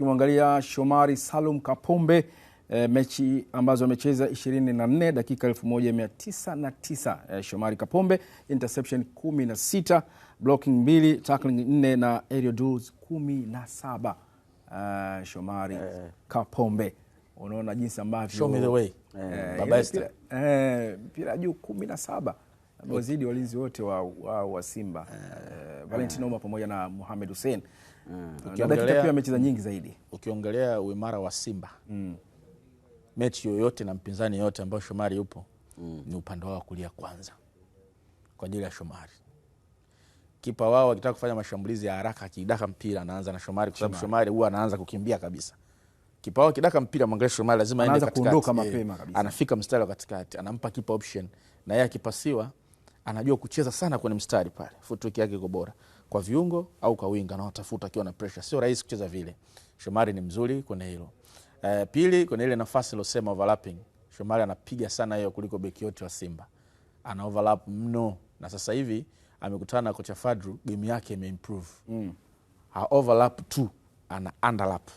tukimwangalia Shomari Salum Kapombe e, mechi ambazo amecheza 24 dakika 1909 e, eh, Shomari Kapombe interception 16, blocking 2, tackling 4 na aerial duels 17. Uh, eh, Shomari eh, Kapombe unaona jinsi ambavyo mpira juu kumi na saba wazidi walinzi wote wa, wa, wa Simba eh. Valentino Uma pamoja na Mohamed Hussein mm. dakika pia amecheza nyingi zaidi. Ukiongelea uimara wa Simba mm. mechi yoyote na mpinzani yoyote ambayo Shomari yupo mm. ni upande wao wa kulia kwanza kwa ajili ya Shomari. Kipa wao akitaka kufanya mashambulizi ya haraka, akidaka mpira anaanza na Shomari, kwa sababu Shomari huwa anaanza kukimbia kabisa. Kipa wao akidaka mpira, mwangalie Shomari lazima aende katikati, anafika mstari wa katikati, anampa kipa option na yeye akipasiwa anajua kucheza sana kwenye mstari pale, footwork yake iko bora kwa viungo au kwa winga, anawatafuta akiwa na pressure, sio rahisi kucheza vile. Shomari ni mzuri kwenye hilo. Uh, pili kwenye ile nafasi nilosema overlapping, Shomari anapiga sana hiyo kuliko beki yote wa Simba, ana overlap mno, na sasa hivi amekutana na kocha Fadru, game yake imeimprove mm. ha overlap tu, ana underlap.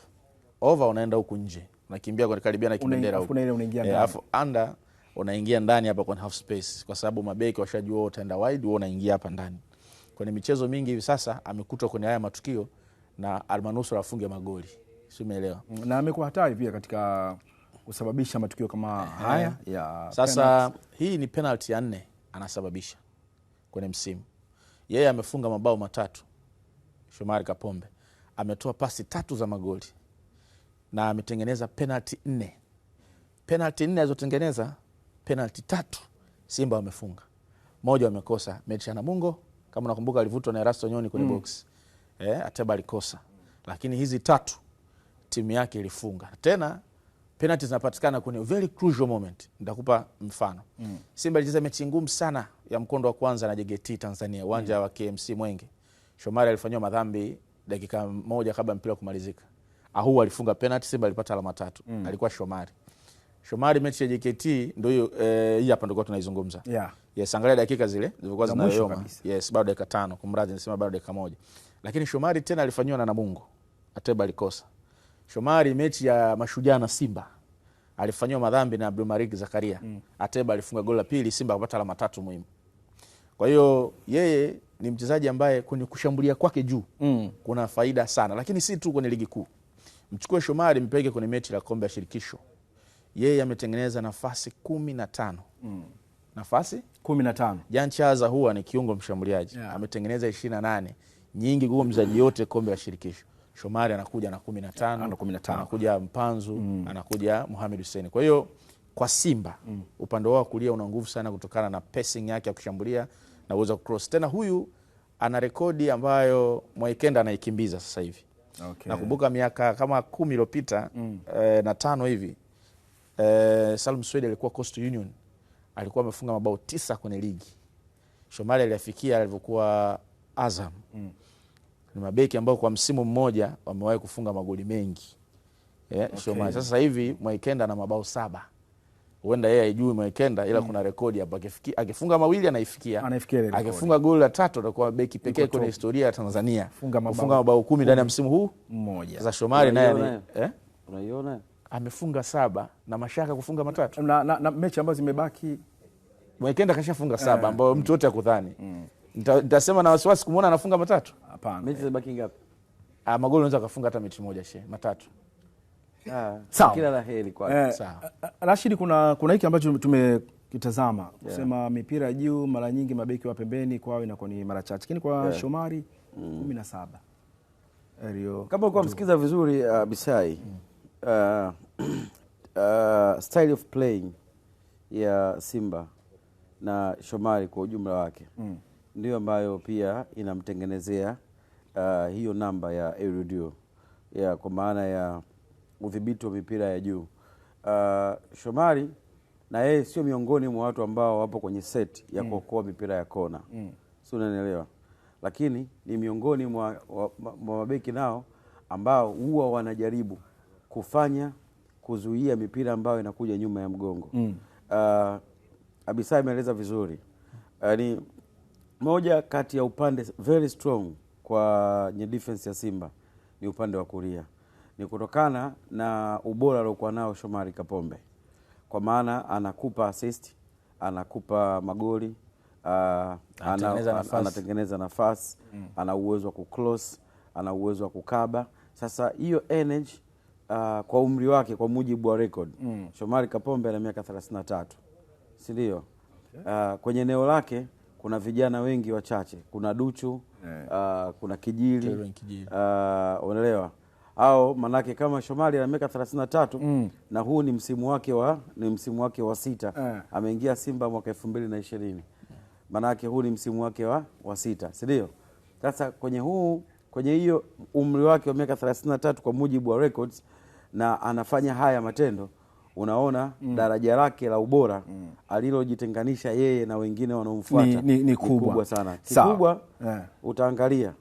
Over unaenda huku nje, unakimbia kwa karibia na kibendera huko, unaingia eh, ndani, alafu under unaingia ndani hapa kwenye half space, kwa sababu mabeki washajua utaenda wide, wewe unaingia hapa ndani. Kwenye michezo mingi hivi sasa amekutwa kwenye haya matukio na almanusura afunge magoli, si umeelewa? Mm, na amekuwa hatari pia katika kusababisha matukio kama haya ya sasa. Penalty. Hii ni penalty ya nne anasababisha kwenye msimu. Yeye amefunga mabao matatu, Shomari Kapombe ametoa pasi tatu za magoli na ametengeneza penalty nne. Penalty nne alizotengeneza penalti tatu Simba wamefunga, moja wamekosa. Mechi Namungo kama nakumbuka alivutwa na Erasto Nyoni kwenye mm. box eh, Ateba alikosa, lakini hizi tatu timu yake ilifunga. Tena penalti zinapatikana kwenye very crucial moment. Nitakupa mfano mm. Simba alicheza mechi ngumu sana ya mkondo wa kwanza na JGT Tanzania uwanja mm. wa KMC Mwenge. Shomari alifanyiwa madhambi dakika moja kabla mpira kumalizika. Ahu alifunga penalti, Simba alipata alama tatu mm. alikuwa Shomari Shomari, mechi ya JKT ndio hiyo eh, hii hapa ndio tunaizungumza. Yeah. Yes, angalia dakika zile zilikuwa zinayoma. Yes, bado dakika tano, kumradhi nisema bado dakika moja. Lakini Shomari tena alifanywa na Namungo. Ateba alikosa. Shomari mechi ya mashujaa na Simba alifanywa madhambi na Abdul Malik Zakaria. Mm. Ateba alifunga goli la pili, Simba akapata alama tatu muhimu. Kwa hiyo yeye ni mchezaji ambaye kwenye kushambulia kwake juu mm. kuna faida sana, lakini si tu kwenye ligi kuu. Mchukue Shomari mpeke kwenye mechi la kombe la shirikisho yeye ametengeneza nafasi kumi na tano mm. nafasi kumi na tano. Jan Chaza huwa ni kiungo mshambuliaji yeah. ametengeneza ishirini na nane nyingi kuliko mchezaji yote kombe la shirikisho. Shomari anakuja na kumi na tano, anakuja Mpanzu mm. anakuja muhamed huseni Kwa hiyo kwa Simba mm. upande wao wa kulia una nguvu sana kutokana na passing yake ya kushambulia na uweza kucross Tena huyu ana rekodi ambayo Mwaikenda anaikimbiza sasa hivi okay. Nakumbuka miaka kama kumi iliyopita mm. e, na tano hivi eh, Salum Swedi alikuwa Coast Union, alikuwa amefunga mabao tisa kwenye ligi. Shomari aliafikia alivyokuwa Azam mm. Ni mabeki ambao kwa msimu mmoja wamewahi kufunga magoli mengi yeah, okay. Shomari sasa hivi Mwaikenda na mabao saba huenda yeye haijui Mwaikenda ila mm. kuna rekodi hapa, akifunga mawili anaifikia, akifunga goli la tatu atakuwa beki pekee kwenye historia ya Tanzania kufunga mabao kumi ndani ya msimu huu mmoja. Sasa Shomari naye eh? unaiona amefunga saba na Mashaka kufunga matatu na, na, na mechi ambazo zimebaki Mwekenda kashafunga eh. saba ambayo mm. mtu wote akudhani mm. nitasema na wasiwasi kumwona anafunga matatu. Hapana, mechi zimebaki ngapi? Ah, magoli unaweza kufunga hata mechi moja she matatu. Ah, kila la laheri kwa Eh, sawa Rashid, kuna kuna hiki ambacho tumekitazama kusema yeah. mipira juu mara nyingi mabeki wa pembeni kwao inakuwa ni mara chache, lakini kwa yeah. Shomari mm. kumi na saba kama ulikuwa msikiza vizuri uh, Bisai mm uh, uh, style of playing ya Simba na Shomari kwa ujumla wake mm. ndiyo ambayo pia inamtengenezea uh, hiyo namba ya Erudio ya kwa maana ya udhibiti wa mipira ya juu. Uh, Shomari na yeye sio miongoni mwa watu ambao wapo kwenye set ya mm. kuokoa mipira ya kona mm. si unanielewa, lakini ni miongoni mwa mabeki nao ambao huwa wanajaribu kufanya kuzuia mipira ambayo inakuja nyuma ya mgongo mm. Uh, ah, Abisa ameeleza vizuri uh, ni moja kati ya upande very strong nye defense ya Simba ni upande wa kulia, ni kutokana na ubora aliokuwa nao Shomari Kapombe, kwa maana anakupa assist, anakupa magoli uh, anatengeneza nafasi, anatengeneza nafasi mm. ana uwezo wa kuclose, ana uwezo wa kukaba. Sasa hiyo energy uh, kwa umri wake kwa mujibu wa record mm. Shomari Kapombe ana miaka 33 si ndio? Uh, kwenye eneo lake kuna vijana wengi wachache, kuna Duchu yeah. uh, kuna Kijili, Kijili. Uh, unaelewa au manake kama Shomari ana miaka 33 mm. na huu ni msimu wake wa, ni msimu wake wa sita yeah. ameingia Simba mwaka elfu mbili na ishirini manake huu ni msimu wake wa, wa sita si ndio? Sasa kwenye huu kwenye hiyo umri wake wa miaka 33 kwa mujibu wa records, na anafanya haya matendo, unaona mm. daraja lake la ubora mm. alilojitenganisha yeye na wengine wanaomfuata ni, ni, ni kubwa. kubwa sana kikubwa yeah. Utaangalia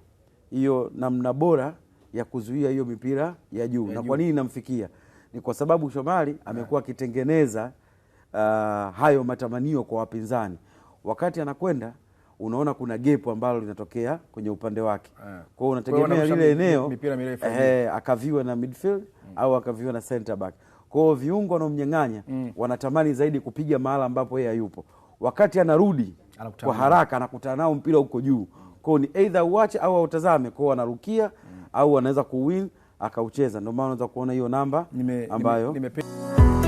hiyo namna bora ya kuzuia hiyo mipira ya juu na kwa nini namfikia ni kwa sababu Shomari eh. amekuwa akitengeneza uh, hayo matamanio kwa wapinzani wakati anakwenda unaona kuna gepu ambalo linatokea kwenye upande wake yeah. unategemea lile eneo eh, eh akaviwa na midfield mm. au akaviwa na center back. kwao viungo wanaomnyang'anya mm. wanatamani zaidi kupiga mahala ambapo yeye hayupo, wakati anarudi kwa haraka anakutana nao mpira huko juu. kwao ni eidha uache au autazame, kwao anarukia mm. au anaweza kuwin akaucheza. Ndio maana unaweza kuona hiyo namba ambayo nime, nime